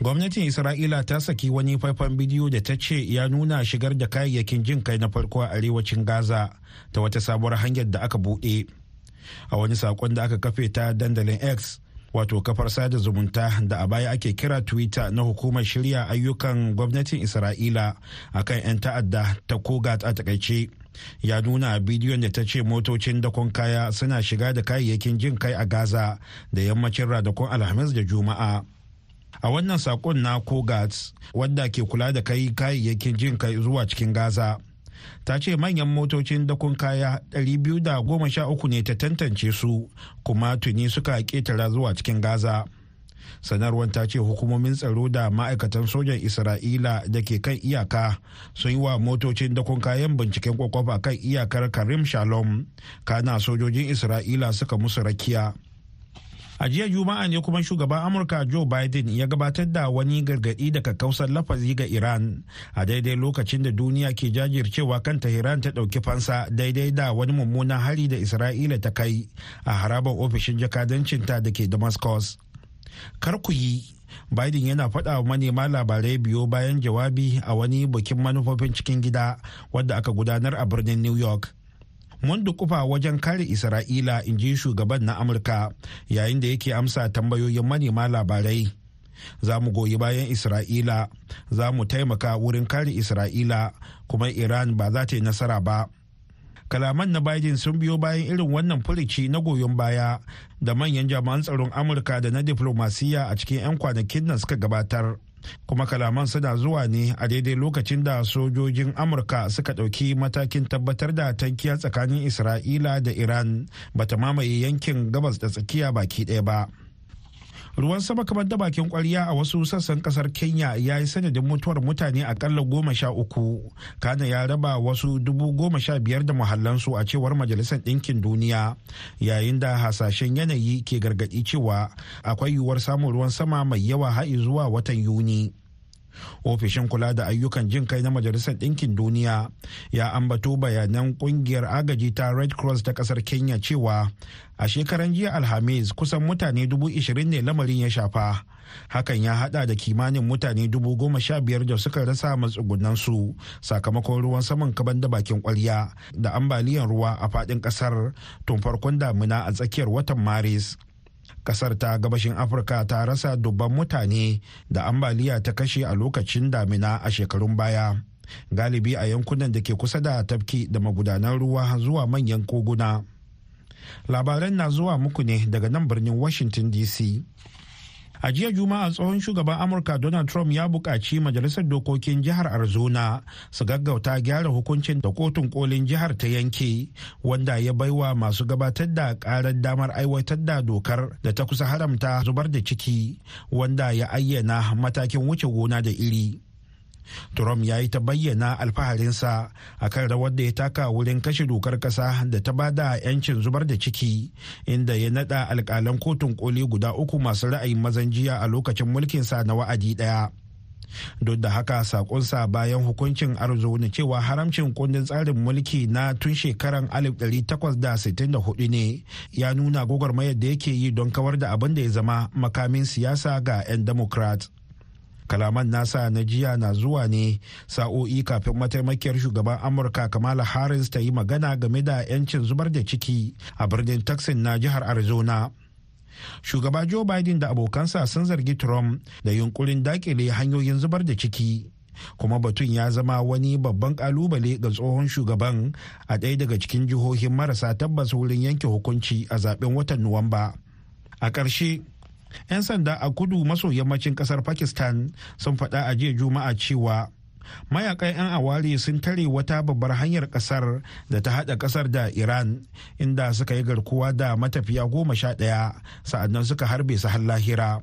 gwamnatin isra'ila ta saki wani faifan bidiyo da ta ce ya nuna shigar da kayayyakin jin kai na farko a arewacin gaza ta wata sabuwar hanyar da aka buɗe a wani saƙon da aka kafe ta dandalin x wato kafar sada zumunta da a baya ake kira twitter na hukumar shirya ayyukan gwamnatin isra'ila a kan 'yan ta'adda ta kogat a takaice ya nuna a bidiyon da ta ce motocin dakon kaya suna shiga da kayayyakin jin kai a gaza da yammacin ranakun alhamis da juma'a a wannan sakon na kogats wadda ke kula da kai kayayyakin jin kai zuwa cikin gaza ta ce manyan motocin dakon kaya 213 ne ta tantance su kuma tuni suka ketara zuwa cikin gaza sanarwar ta ce hukumomin tsaro da ma'aikatan sojan isra'ila da ke kan iyaka sun yi wa motocin dakon kayan binciken kwakwafa kan iyakar karim shalom kana sojojin isra'ila suka musu rakiya a jiya juma'a ne kuma shugaban amurka joe biden ya gabatar da wani gargadi daga kausar lafazi ga iran a daidai lokacin da duniya ke jajircewa kan tehran ta ɗauki fansa daidai da wani mummunan hari da isra'ila ta kai a harabar ofishin jakadancinta da ke damascus kar ku yi biden yana faɗa wa manema labarai biyu bayan jawabi a wani bikin manufofin cikin gida wadda aka gudanar a birnin new york mun dukufa wajen kare isra'ila in ji shugaban na amurka yayin da yake amsa tambayoyin manema labarai za mu goyi bayan isra'ila za mu taimaka wurin kare isra'ila kuma iran ba za ta yi nasara ba kalaman na Biden sun biyo bayan irin wannan furici na goyon baya da manyan jami'an tsaron Amurka da na diflomasiyya a cikin 'yan kwanakin nan suka gabatar. kuma kalaman suna zuwa ne a daidai lokacin da sojojin amurka suka ɗauki matakin tabbatar da tankiya tsakanin isra'ila da iran bata mamaye yankin gabas da tsakiya baki ɗaya ba ruwan sama kamar da bakin kwarya a wasu sassan kasar kenya ya yi sanadin mutuwar mutane akalla goma sha uku kana ya raba wasu dubu goma sha biyar da muhallansu a cewar majalisar ɗinkin duniya yayin da hasashen yanayi ke gargaɗi cewa akwai yiwuwar samun ruwan sama mai yawa har zuwa watan yuni ofishin kula da ayyukan jin kai na majalisar ɗinkin duniya ya ambato bayanan kungiyar agaji ta red cross ta ƙasar kenya cewa a shekaran jiya alhamis kusan mutane dubu ishirin ne lamarin ya shafa hakan ya hada da kimanin mutane dubu goma sha biyar da suka rasa matsugunan su sakamakon ruwan saman kaban da bakin kwarya da ambaliyan ruwa a faɗin ƙasar tun farkon damina a tsakiyar watan maris kasar ta gabashin afirka ta rasa dubban mutane da ambaliya ta kashe a lokacin damina a shekarun baya galibi a yankunan da ke kusa da tafki da magudanan ruwa zuwa manyan koguna labaran na zuwa muku ne daga nan birnin washington dc A jiya Juma'a tsohon shugaban Amurka Donald Trump ya buƙaci majalisar dokokin jihar Arizona su gaggauta gyara hukuncin da kotun kolin jihar ta yanke wanda ya baiwa masu gabatar da ƙarar damar aiwatar da dokar da ta kusa haramta zubar da ciki wanda ya ayyana matakin wuce gona da iri. Trump ya yi ta bayyana alfaharinsa a kan rawar da ya taka wurin kashe dokar kasa da ta bada 'yancin zubar da ciki inda ya nada alkalan kotun koli guda uku masu ra'ayin mazan jiya a lokacin mulkinsa na wa'adi daya. Duk da haka sakonsa bayan hukuncin arzo na cewa haramcin kundin tsarin mulki na tun shekaran 1864 ne ya nuna gwagwarmayar da yake yi don kawar da abin da ya zama makamin siyasa ga 'yan democrat. kalaman nasa na jiya na zuwa ne sa'o'i kafin mataimakiyar shugaban amurka kamala harris ta yi magana game da 'yancin zubar da ciki a birnin texas na jihar arizona shugaba joe biden da abokansa sun zargi trump da yunkurin dakile hanyoyin zubar da ciki kuma batun ya zama wani babban kalubale ga tsohon shugaban a ɗaya daga cikin jihohin marasa tabbas wurin yanke hukunci a zaben watan nuwamba a ƙarshe 'yan sanda a kudu maso yammacin kasar pakistan sun faɗa a jiya juma'a cewa mayakan 'yan awari sun tare wata babbar hanyar kasar da ta hada kasar da iran inda suka yi garkuwa da matafiya goma sha ɗaya sa'annan suka harbe su har lahira.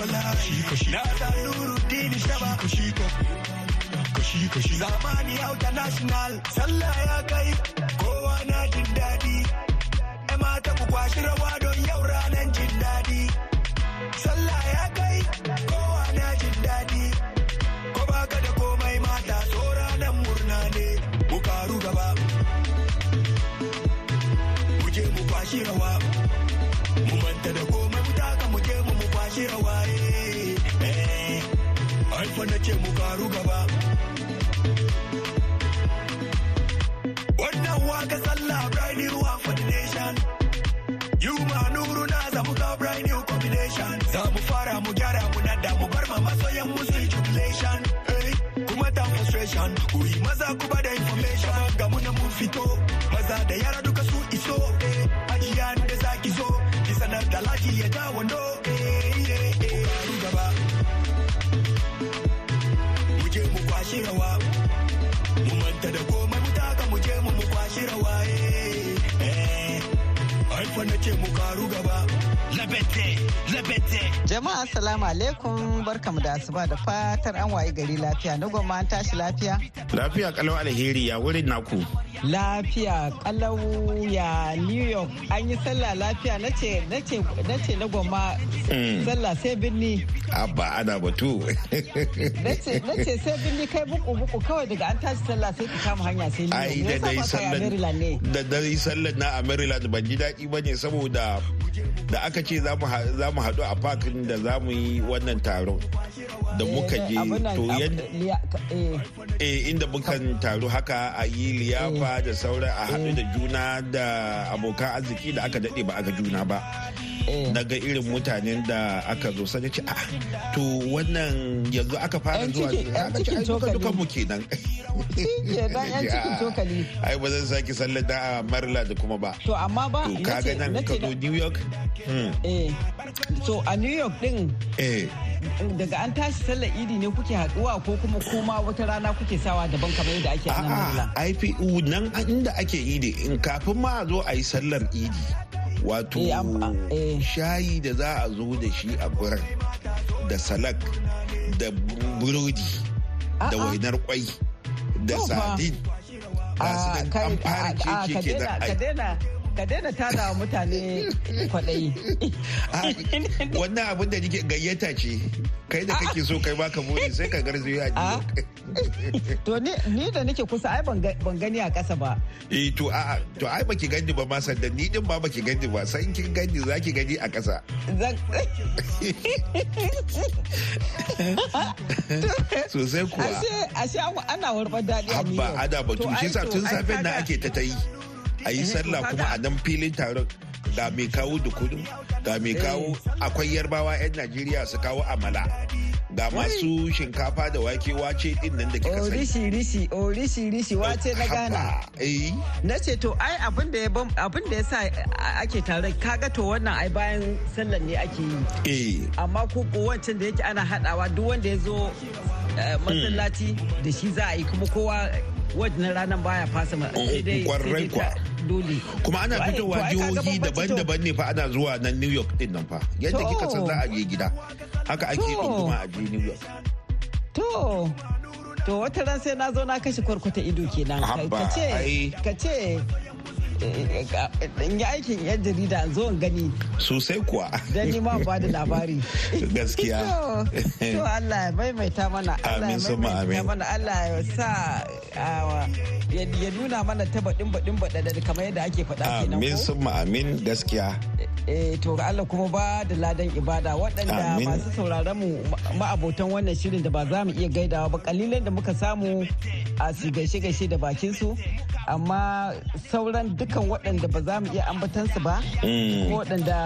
na da zamani auta national sallah ya kai kowa na jin daɗi e mata ku kwashi rawa don yau ranar jin daɗi sallah ya kai kowa na jin daɗi ko baka da komai mata so ranar murna ne mu gaba mu mu kwashi rawa mu manta da komai ce waye haifa eh, na ce mu garu gaba wannan waka sallah brand new one for the nation you ma nuru na zamu ga new combination za mu fara mu gyara mu nada mu bar ma masoyan mu su jubilation eh, kuma ta frustration ku yi maza ku ba da information ga mu mun fito maza da yara duka su iso eh, ajiya da zaki zo ki sanar da laji ya dawo no cewa mu manta da goma gaba nake mu karu gaba jama'a assalamu alaikum barkamu da asuba da fatar an waye gari lafiya na gwamma an tashi lafiya lafiya kalau alheri ya wurin naku lafiya kalau ya new york an yi sallah lafiya na ce na gwamma hmm. sallah sai birni abba ana batu na ce sai birni kai buku buku kawai daga an tashi sallah sai ka kama hanya sai new ai da dai sallan na maryland ban ji daɗi ba ne ne saboda da aka ce za mu haɗu a fakin da za mu yi wannan taron da eh, muka je to yadda eh. eh, inda mukan taro haka a yi liyafa da sauran a haɗu da juna da abokan arziki da aka daɗe ba aka juna ba Eh. na ga irin mutanen da aka zo sai ce a ah, to wannan yanzu aka fara zuwa cikin ce ai duka duka mu kenan kenan ai ba zan saki sallar da marla da kuma ba to amma ba to ka ga nan ka zo new york hmm. eh to a new york din eh daga an tashi sallar idi ne kuke haduwa ko kuma koma wata rana kuke sawa daban kamar yadda ake nan a'a ai nan inda ake idi in kafin ma a zo a yi sallar idi wato eh, ah, eh. shayi da za a zo da shi a gurin da salak da burodi ah, da ah. wainar kwai da sadin ga su an fara keke kenan ka daina tada wa mutane kwaɗayi. Ah, wannan abin da nike gayyata ce, kai da kake so kai baka muni sai ka ya ji. Ah. To ni da nake kusa ai ban gani a ƙasa ba. Eh to a to ai baki gani ba ma sannan ni din ba baki gani ba sai kin gani zaki gani a ƙasa. sai kuwa. Ashe ana warbar daɗi a New Haba ana batu shi sa tun safen na ake ta ta yi. a yi sallah kuma a nan filin taron ga mai kawo kudu ga mai kawo eh. akwai yarbawa 'yan najeriya su kawo amala ga masu shinkafa da wake wace din nan da kika oh, sani. rishi rishi o oh, rishi rishi wace na gana. Eh. Na ce to ai abin da abin da sa ake tare kaga to wannan ai bayan sallan ne ake yi. Eh. Amma ko wancan da yake ana hadawa duk wanda ya zo masallaci hmm. da shi za a yi kuma kowa wajen ranar baya fasa ma oh, kwarai kwa kuma ana fitowa jihohi daban-daban ne fa ana zuwa nan new york din nan fa yadda kika san za a je gida haka ake dunguma a je new york to to wata ran sai na zo na kashe kwarkwata ido kenan ka ce ka ce in yi aikin yan jarida zo in gani sosai kuwa yi ma ba da labari gaskiya to Allah ya maimaita mana amin suma amin Allah ya sa ah, ya nuna mana ta baɗin baɗin baɗaɗa kamar yadda ake faɗa kenan amin suma amin gaskiya Eh, to ga Allah kuma ba da ladan ibada waɗanda masu sauraron mu ma'abotan wannan shirin da ba za mu iya gaidawa ba kalilan da muka samu a su gaishe gaishe da bakin su amma sauran dukan waɗanda ba za mu iya ambatan su ba mm. ko waɗanda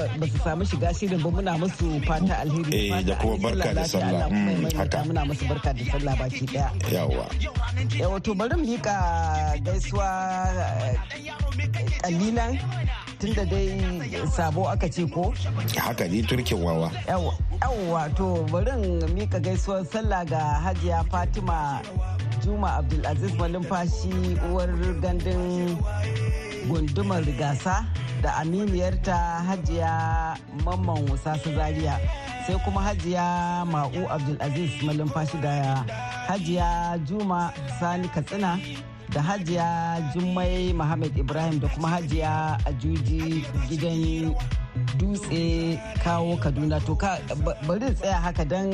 ba su samu shiga shirin ba muna musu fata alheri eh da kuma barka da sallah mm, haka muna musu barka da sallah baki daya yawa yawa to bari mu yi ka gaisuwa kalilan eh, tunda dai sabo aka ce ko haka ni turkin wawa yawwa to bari mika gaisuwar sallah ga hajiya fatima juma abdulaziz malumfashi uwar gandun gundumar gasa da aminiyarta hajiya mamman wasa zaria sai kuma hajiya ma'u abdulaziz malumfashi da hajiya juma sani katsina da hajiya jummai Muhammad Ibrahim da kuma hajiya a juji gidan dutse kawo kaduna to ka bari tsaya haka don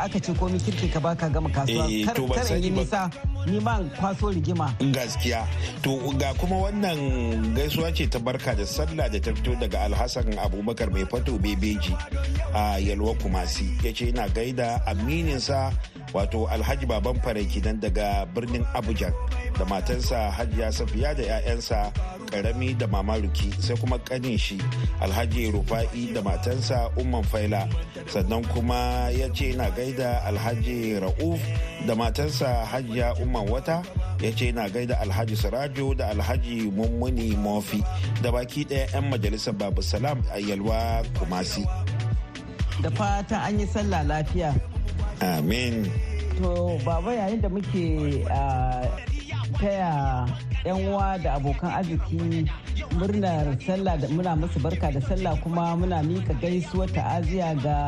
aka ce komi kirki ka baka gama kasuwa eh, karin yi nisa neman kwaso rigima gaskiya to ga kuma wannan gaisuwa ce ta barka da sallah da ta fito daga alhassan abubakar mai fato bebeji a yalwa kumasi ya ce ina gaida amininsa wato alhaji baban fare kenan daga birnin abuja da matansa hajiya safiya da 'ya'yansa karami da mama ruki sai kuma kanin shi alhaji rufa'i da matansa umman faila sannan kuma ya ce na gaida alhaji ra'uf da matansa hajiya umman wata ya ce na gaida alhaji sirajo da alhaji mummuni mofi da baki ɗaya 'yan majalisar babu salam a yalwa kumasi da fata an yi sallah lafiya Amin. To, baba yayin da muke taya 'yan uwa da abokan arziki murnar sallah da muna musu barka da sallah kuma muna mika gaisuwar ta'aziya ga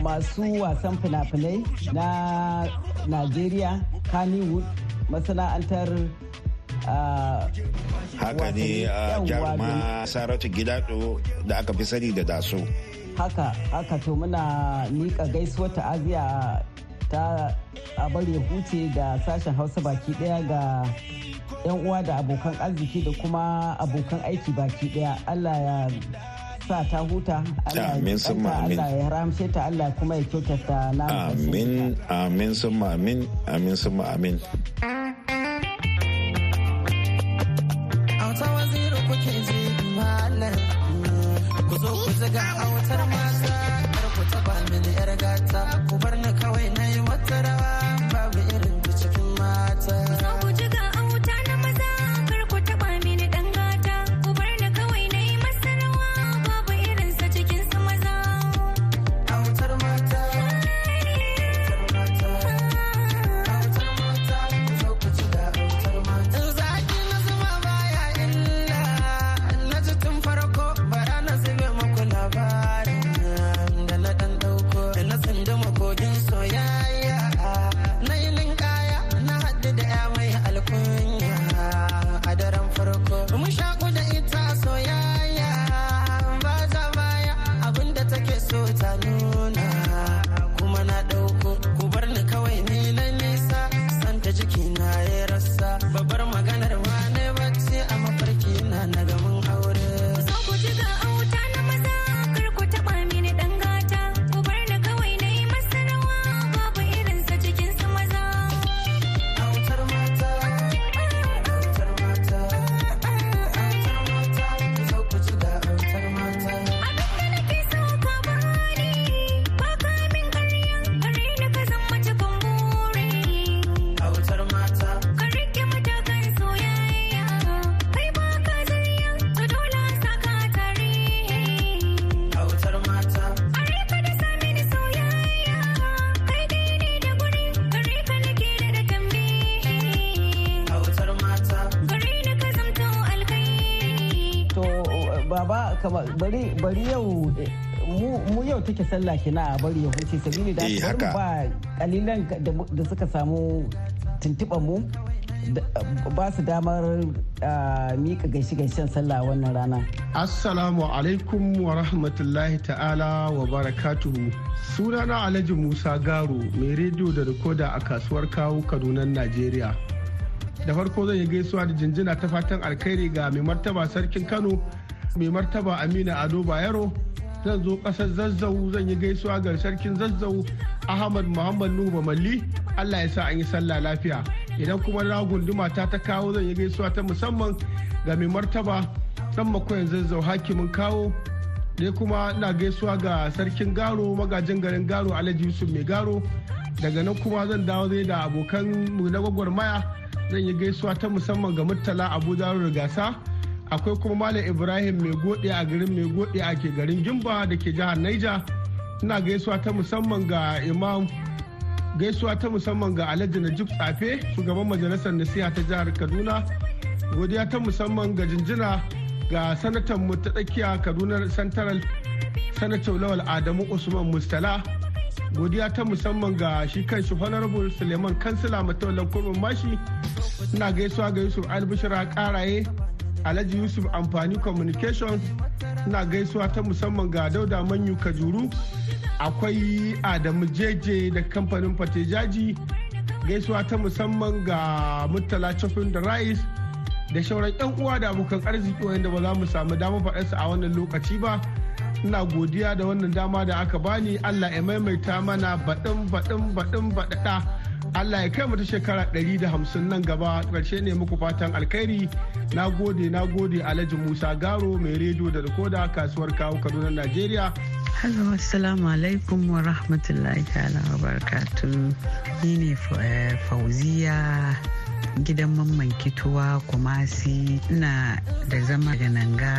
masu wasan fina-finai na Najeriya, Kannywood, masana'antar haka ne jaruma saratu gidado da aka fi sani da daso haka haka to muna miƙa gaisuwar ta'aziya ta abar ya huce da sashen hausa baki ɗaya ga yan uwa da abokan arziki da kuma abokan aiki baki ɗaya allah ya sa ta huta Allah ya ramshe ta Allah kuma ya kyautata na amin amin sun amin amin sun amin kama bari bari yau eh, mu yau take sallah kina a bari ya huce sabili da eh, haka ba kalilan da suka samu tuntuban mu ba su damar ah, mika gaishe-gaishen sallah wannan rana. Assalamu alaikum wa rahmatullahi ta'ala wa barakatuhu. Sunana Alhaji Musa Garo mai rediyo da rikoda a kasuwar kawu kaduna Najeriya. Da farko zan yi gaisuwa da jinjina ta fatan alkhairi ga mai martaba sarkin Kano mai martaba amina ado bayero zan zo kasar zazzau zan yi gaisuwa ga sarkin zazzau ahmad muhammad nuhu bamalli allah ya sa an yi sallah lafiya idan kuma na gunduma ta ta kawo zan yi gaisuwa ta musamman ga mai martaba dan makoyan zazzau hakimin kawo ne kuma na gaisuwa ga sarkin garo magajin garin garo alhaji yusuf mai garo daga nan kuma zan dawo zai da abokan mu na gwagwarmaya zan yi gaisuwa ta musamman ga murtala abu zaru rigasa akwai kuma malam ibrahim mai gode a garin mai gode a ke garin gimba da ke jihar naija ina gaisuwa ta musamman ga imam gaisuwa ta musamman ga alhaji najib tsafe shugaban majalisar nasiha ta jihar kaduna godiya ta musamman ga jinjina ga sanatan mu ta tsakiya kaduna central sanatan lawal adamu usman mustala godiya ta musamman ga shi kan shi honorable suleiman kansila matawallan kurmin mashi ina gaisuwa ga yusuf albishira karaye Alhaji Yusuf Amfani Communications na gaisuwa ta musamman ga Dauda Manyu Kajuru akwai Adamu Jeje da kamfanin Fatejaji gaisuwa ta musamman ga Murtala Chafin da Rice da shauran 'yan uwa da abokan arziki wanda ba za mu samu damar faɗarsa a wannan lokaci ba. ina godiya da wannan dama da aka bani Allah ya maimaita mana baɗin baɗin baɗin baɗaɗa Allah ya kai shekara ɗari da hamsin nan gaba ƙarshe ne muku fatan alkhairi na gode na gode Alhaji Musa Garo mai rediyo da rikoda kasuwar kawo Kaduna Najeriya. Hello, assalamu alaikum wa rahmatullahi ta'ala wa barakatuh. Ni ne eh, Fauziya gidan mamman kituwa kumasi na da zama daga nanga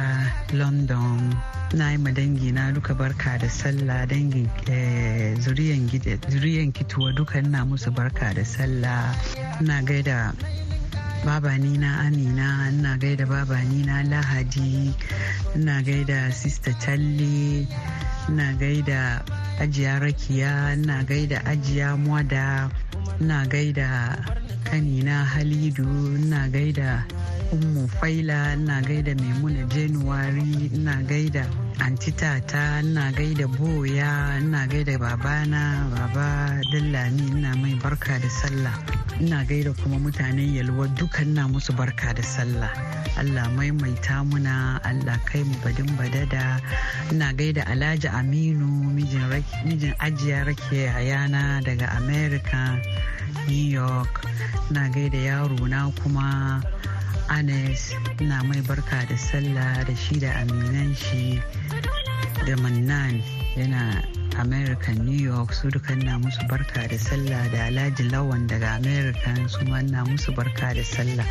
london na yi dangi na duka barka da sallah dangin eh, zuriyan kituwa duka na musu barka da sallah na gaida baba nina amina ina gaida baba nina lahadi ina gaida sista talle ina gaida ajiya rakiya ina gaida ajiya mwada na gaida kanina halidu na gaida ummu faila na gaida maimuna januwari na gaida antitata na gaida boya na gaida babana baba dallami na mai barka da sallah ina gaida kuma mutanen yalwa dukan na musu barka da sallah allah maimaita muna allah kai mu badin badada ina gaida alhaji aminu mijin ajiya rake yana daga america new york ina gaida yaro na kuma anes ina mai barka da sallah da shi da aminan shi da mannan yana american new york su duka na musu barka da sallah da alhaji lawan daga american su ma na musu barka da sallah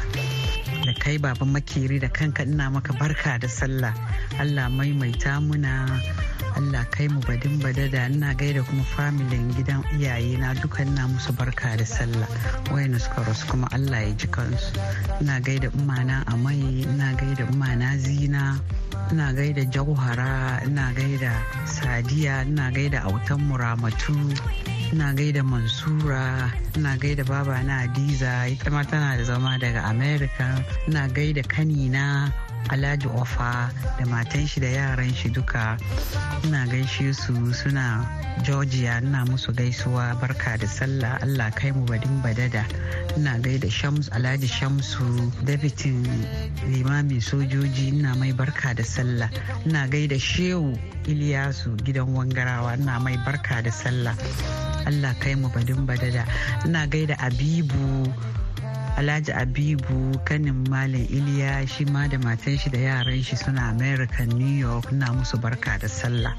da kai baban makeri da kanka ina maka barka da sallah allah maimaita muna allah kai mu badin badada ina gaida kuma familin gidan iyaye na duka ina musu barka da sallah wayanda suka rasu kuma allah ya ji kansu ina gaida umana amai ina gaida umana zina ina gaida jauhara ina gaida sadiya ina gaida autan muramatu ina gaida mansura ina gaida baba na adiza ita ma tana da zama daga Amerika ina gaida kanina alhaji ofa da matan shi da yaran shi duka ina gaishe su suna georgia ina musu gaisuwa barka da sallah allah kai mu badin badada ina gaida shams alhaji shamsu dabitin limamin sojoji ina mai barka da sallah ina gaida shehu iliyasu gidan wangarawa ina mai barka da sallah allah kai mu badin badada ina gaida abibu alhaji abibu kanin malam iliya shi ma da matan shi da yaran shi suna america new york na musu barka da sallah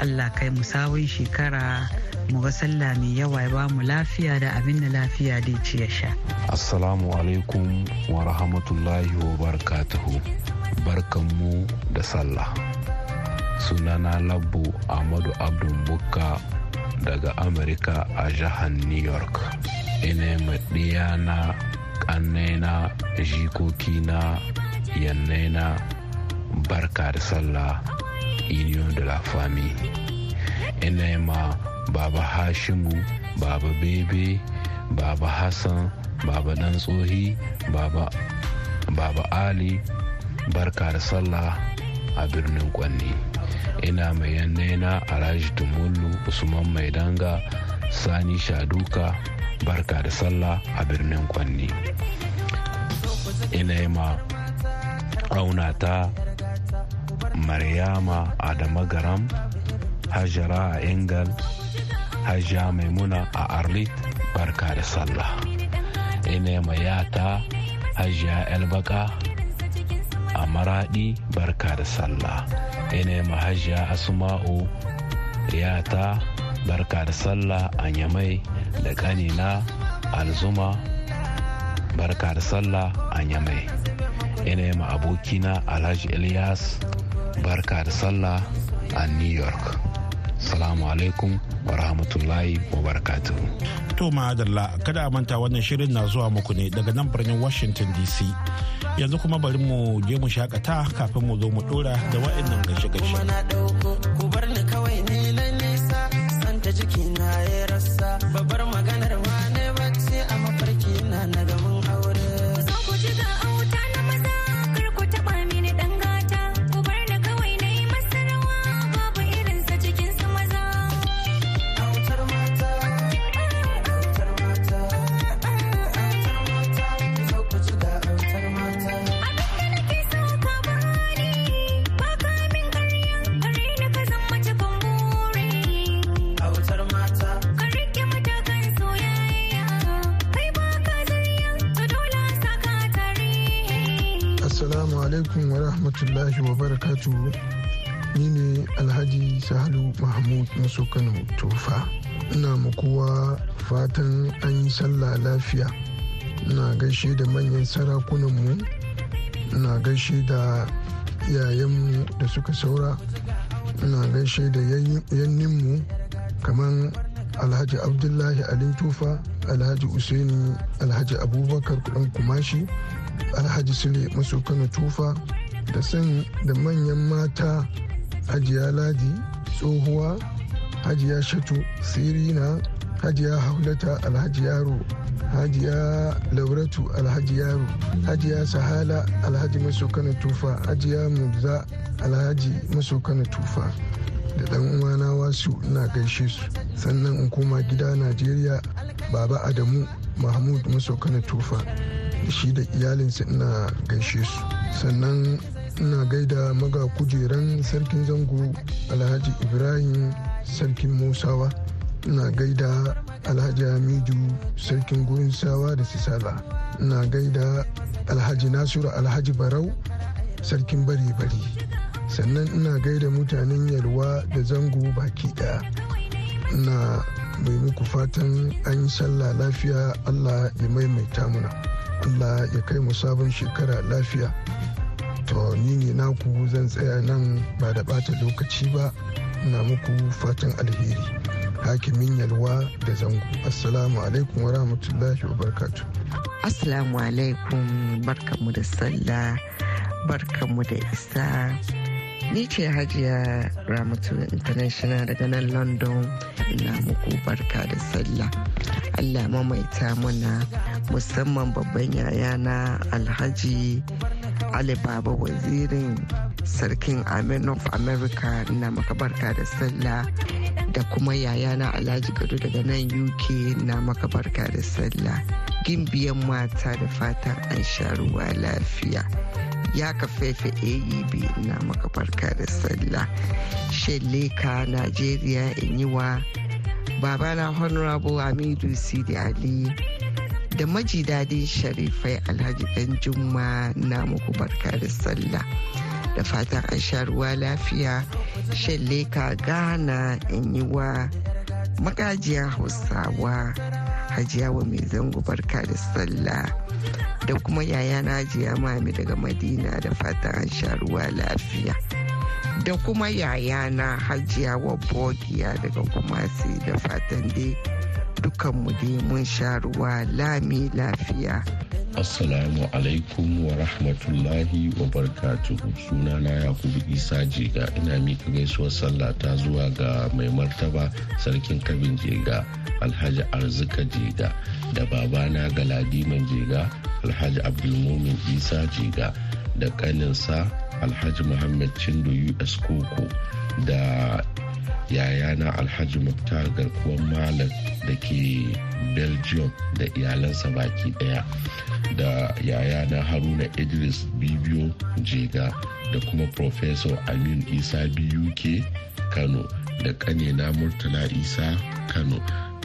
allah kai mu sawun shekara mu ga sallah mai yawa ya bamu lafiya da abin da lafiya da ci ya sha assalamu alaikum wa rahmatullahi wa barakatuhu barkanmu da sallah sunana labbo ahmadu abdul bukka daga amurka a jihar new york ina maɗiya na ƙannena jikokina yannena barka da sallah union de la famille ina ma baba hashimu baba bebe baba hassan baba dan tsohi baba ali barka da sallah a birnin kwanne ina mai yannaina alhaji tumullu usman maidanga sani shaduka barka da sallah a birnin kwanni ina ma maryama adama garam hajara a ingal hajja maimuna a arlit barka da sallah ina ma yata hajja elbaka a maradi barka da sallah inama ma hajja asma'u yata barka da sallah a nyamai da na alzuma barka da sallah a Nyamai ina yi ma abokina alhaji ilyas barka da sallah a new york salamu alaikum wa rahmatullahi wa barakatu to ma'adalla kada a manta wannan shirin na zuwa muku ne daga nan birnin washington dc yanzu kuma bari mu je mu shakata kafin mu zo mu dora da wa'annan gaishe-gaishe mahmud kano tufa ina ma kowa fatan an yi sallah lafiya na gaishe da manyan sarakunanmu ina gaishe da yayanmu da suka saura ina gaishe da yanninmu kamar alhaji abdullahi alin tufa alhaji usaini alhaji abubakar kudan kumashi alhaji sule maso kano tufa da san da manyan mata hajiya ladi tsohuwa hajiya shatu sirina hajiya haulata alhaji yaro hajiya lauratu alhaji yaro hajiya sahala alhaji maso kana tufa hajiya mubza alhaji maso kana tufa da dan uwana wasu na gaishe su sannan in koma gida najeriya baba adamu mahmud maso kana tufa shi da iyalinsa ina gaishe su sannan ina gaida maga kujeran sarkin zango alhaji ibrahim sarkin musawa ina gaida alhaji hamidu sarkin gurin sawa da sisala ina gaida alhaji nasiru alhaji barau sarkin bare-bare sannan ina gaida mutanen yalwa da zango baki daya ina mai muku fatan an yi sallah lafiya allah ya maimaita muna allah ya kai mu sabon shekara lafiya to ni ne naku zan tsaya nan ba da bata lokaci ba na muku fatan alheri hakimin yalwa da zango assalamu alaikum wa rahmatullahi wa barkatu assalamu alaikum barkamu da sallah barkamu da isa ni ce hajiya ramatu international daga nan london ina muku barka da sallah allah mamaita mana musamman babban yayana alhaji Ali Baba wazirin sarkin Amen of America na makabarta da sallah da kuma yayana Alhaji Gado daga nan UK na makabarta da sallah. Gimbiyan mata da fatan an sha lafiya. ya fefe aeb na maka barka da sallah Sheleka, nigeria inyiwa babana honorable Amidu sidi ali da maji daɗi sharifai alhaji dan juma na muku barka da sallah da fatan an sha lafiya shan leka gana in yi wa magajiya hausawa hajiya wa mai zango barka da sallah da kuma yaya na hajiya mami daga madina da fatan an sharuwa lafiya da kuma yaya na hajiya wa bogiya daga kumasi da fatan dai dukanmu dai mun sha ruwa lami lafiya. Assalamu alaikum wa rahmatullahi wa barkatuhu na Yakubu Isa Jega ina mika gaisuwar sallah ta zuwa ga mai martaba sarkin kabin Jega Alhaji Arzika Jega da babana Galadiman Jega Alhaji Abdulmumin Isa Jiga, da kaninsa Alhaji Muhammad Chindo US Koko da yayana alhaji muktar garkuwar malam da ke belgium da iyalansa baki daya da yayana haruna idris bibiyo jega da kuma professor amin isa biyu ke kano da kanena murtala isa kano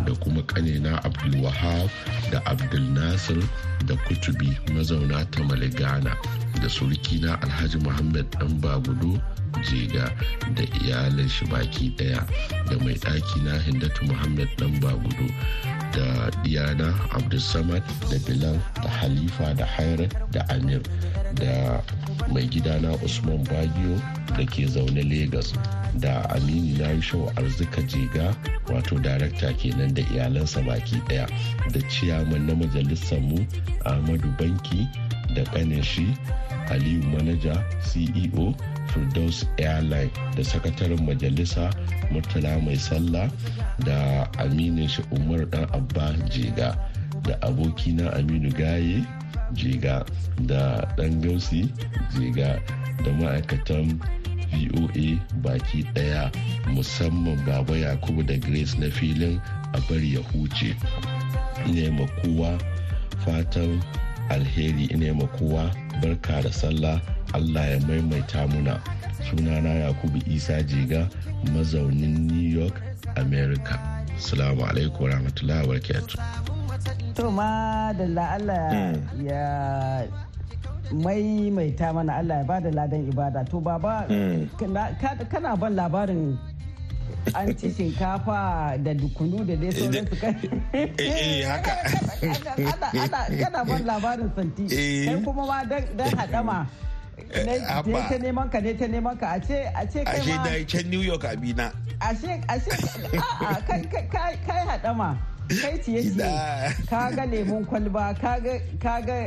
da kuma kanena abdulwahab da abdul nasir da kutubi mazauna ta maligana da surukina alhaji muhammad dan bagudo jega da iyalin shi baki daya da mai ɗaki na hindatu muhammad dan bagudu da diana abdulsamad da bilal da halifa da hairat da amir da mai gidana usman bagio da ke zaune lagos da aminu na shau arzika jega wato darakta kenan da iyalansa baki daya da ciyaman na majalisar mu ahmadu banki da kanin aliyu manaja ceo firdaus airline da sakataren majalisa murtala mai sallah da aminu shi umar dan abba jiga da abokina aminu gaye jiga da dan gausi jiga da ma'aikatan voa baki daya musamman baba yakubu da grace na filin a bari ya huce ina yi kowa fatan alheri ina yi kowa barka da sallah allah ya maimaita muna sunana yakubu isa jiga mazaunin new york america salamu alaikum warahmatullahi wabarakatuh to ma da allah hmm. ya maimaita mana allah ya bada ladan ibada to baba hmm. kana ban labarin an ci shinkafa da dukunu da dai eh, sauran su kai eh, eh, eh haka ana ban labarin santi kai kuma ma dan hadama Abba. ta neman ka ne ta neman ka a ce a ce kai ma. Ashe da can New York abina. Ashe ashe a'a kai kai kai hadama. Kai ciye ciye. Ka ga lemun kwalba ka ga ka ga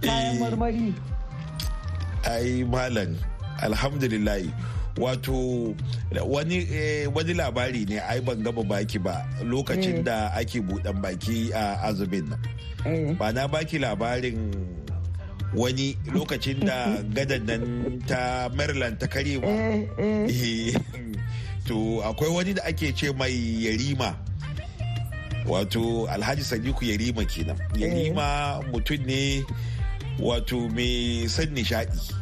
kayan marmari. Ai malam alhamdulillah. wato wani eh, wani labari ne ai ban gaba baki ba lokacin eh. da ake buɗan baki a azumin nan eh. ba na baki labarin wani lokacin da gadan nan ta maryland ta kare ba to akwai wani da ake ce mai yarima wato alhaji sadiku yarima kenan yarima mutum ne wato mai san nishadi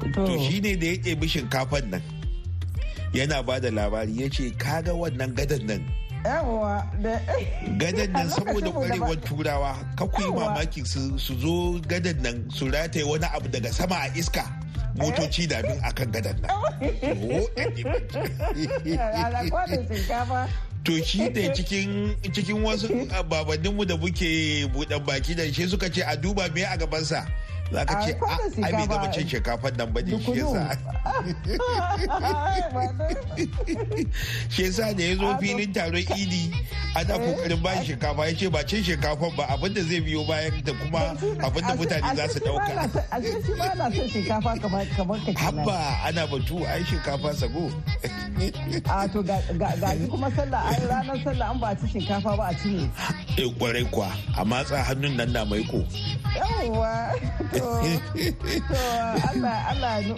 to shi ne da ya ɗebi shinkafan nan yana ba da labari ya ce kaga wannan gadan nan gadan nan saboda kwarewar turawa kakwai mamaki su zo gadan nan su rataye wani abu daga sama a iska motoci da bin akan gadan nan eh? to shi ne cikin wasu babanninmu da muke buɗan baki da shi suka ce a duba me a gabansa za ka ce ah, ai bai gama cin shinkafar nan ne. shi yasa shi yasa da ya zo filin taron idi ana eh? kokarin ba shinkafa ya ce ba cin shinkafar ba abinda zai biyo bayan da kuma abinda mutane za su dauka habba ana batu a yi shinkafa sago a to ga kuma sallah a ranar sallah an ba ci shinkafa ba a ci ne kwarai eh, kwa a matsa hannun nan na maiko yawwa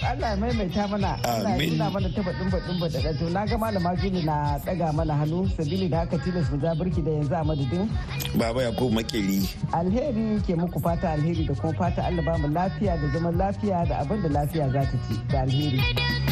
Allah maimaita mana Allah ya mana ta baɗin baɗin daga baɗin na ga malama Juli na daga mana hannu sabili da haka tilas mu ja birki da yanzu a madadin. Baba Yakubu Makeri. Alheri ke muku fata alheri da kuma fata Allah ba mu lafiya da zaman lafiya da abin da lafiya za ta ci da alheri.